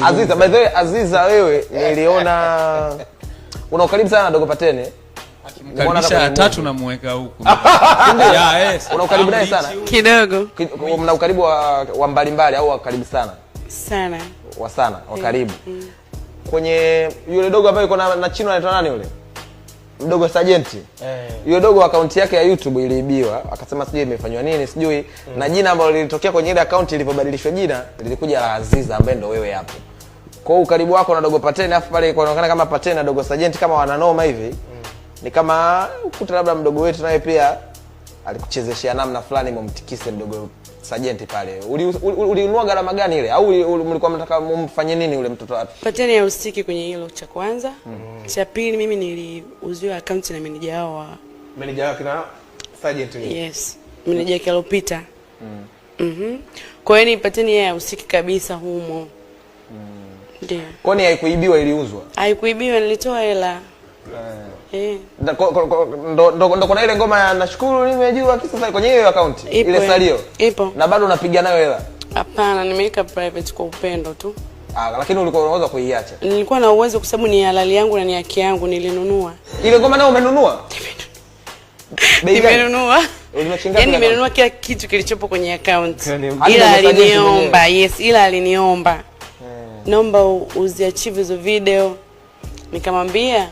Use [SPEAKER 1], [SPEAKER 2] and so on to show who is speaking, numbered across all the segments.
[SPEAKER 1] Aziza, by the way, Aziza wewe niliona una ukaribu sana na Dogo Patene.
[SPEAKER 2] Akimkaribisha tatu namweka huku.
[SPEAKER 1] Ya, yes. Una ukaribu naye sana?
[SPEAKER 3] Kidogo.
[SPEAKER 1] Mna ukaribu wa, wa mbalimbali au wa karibu sana? Sana. Wa sana, wa karibu. Mm, mm. Kwenye yule dogo ambaye yuko na, na Chino anaitwa nani yule? mdogo Sajenti eh. hiyo Dogo akaunti yake ya YouTube iliibiwa, akasema sijui imefanywa nini sijui hmm. Na jina ambalo lilitokea kwenye ile akaunti ilivyobadilishwa jina lilikuja la Aziza ambaye ndo wewe hapo. Kwa hiyo ukaribu wako na Dogo Pateni, afu pale kuonekana kama Pateni na Dogo Sajenti kama wananoma hivi hmm. Ni kama kuta labda mdogo wetu naye pia alikuchezeshea namna fulani mumtikise mdogo sajenti pale. Uliinua gharama gani ile au mlikuwa mnataka mumfanye nini ule mtoto wapi
[SPEAKER 4] Pateni usiki kwenye hilo cha kwanza. mm -hmm. Cha pili mimi niliuziwa akaunti na meneja wao wa
[SPEAKER 1] meneja wao kina sajenti
[SPEAKER 4] Yes, meneja wake alopita. mm. mm -hmm. Kwa hiyo nipateni yeye usiki kabisa humo. mm.
[SPEAKER 1] Ndio. Kwani haikuibiwa iliuzwa?
[SPEAKER 4] Haikuibiwa, nilitoa hela. Eh. Eh. ndo kuna ile ngoma ya nashukuru nimejua kisa kwenye hiyo account ile eh. salio ipo, na bado unapiga nayo hela? Hapana, nimeika private kwa upendo tu. Ah, lakini ulikuwa unaweza kuiacha? Nilikuwa na uwezo kwa sababu ni halali yangu na ni haki yangu, nilinunua ile ngoma. nayo umenunua? Nimenunua. Yaani nimenunua kila kitu kilichopo kwenye account. Ila yaani aliniomba, yes, ila aliniomba. Naomba uziachieve hizo video. Nikamwambia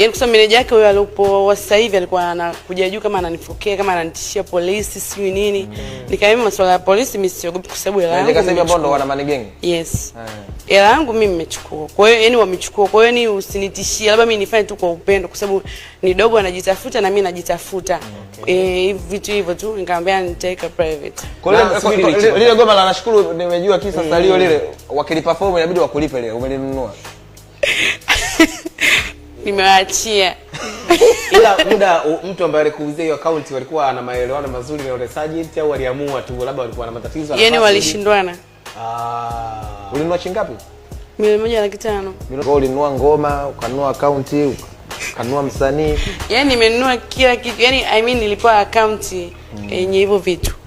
[SPEAKER 4] Yaani kusema meneja yake huyo alipo sasa hivi alikuwa anakuja juu kama ananifokea kama ananitishia polisi siyo nini. Mm. Nikaambia masuala ya polisi mimi siogopi kwa sababu hela yangu. Sasa bondo wana money gang. Yes. Eh. Hela yangu mimi nimechukua. Kwa hiyo yani wamechukua. Kwa hiyo ni yaani usinitishie labda mimi nifanye tu kwa upendo kwa sababu ni dogo anajitafuta na mimi najitafuta. Mm, okay. Eh, vitu hivyo tu nikamwambia nitaweka private. Kwa hiyo lile goma la nashukuru nimejua kisa mm. salio lile wakiliperform inabidi wakulipe lile umelinunua nimewaachia ila muda mtu ambaye alikuuzia hiyo akaunti walikuwa ana maelewano mazuri na yule sergeant au waliamua tu labda walikuwa na matatizo yani walishindwana ah ulinunua shilingi ngapi milioni moja laki tano ulinunua ngoma ukanunua akaunti ukanunua msanii yani nimenunua kila kitu yani i mean nilikuwa akaunti mm. yenye mm. hivyo vitu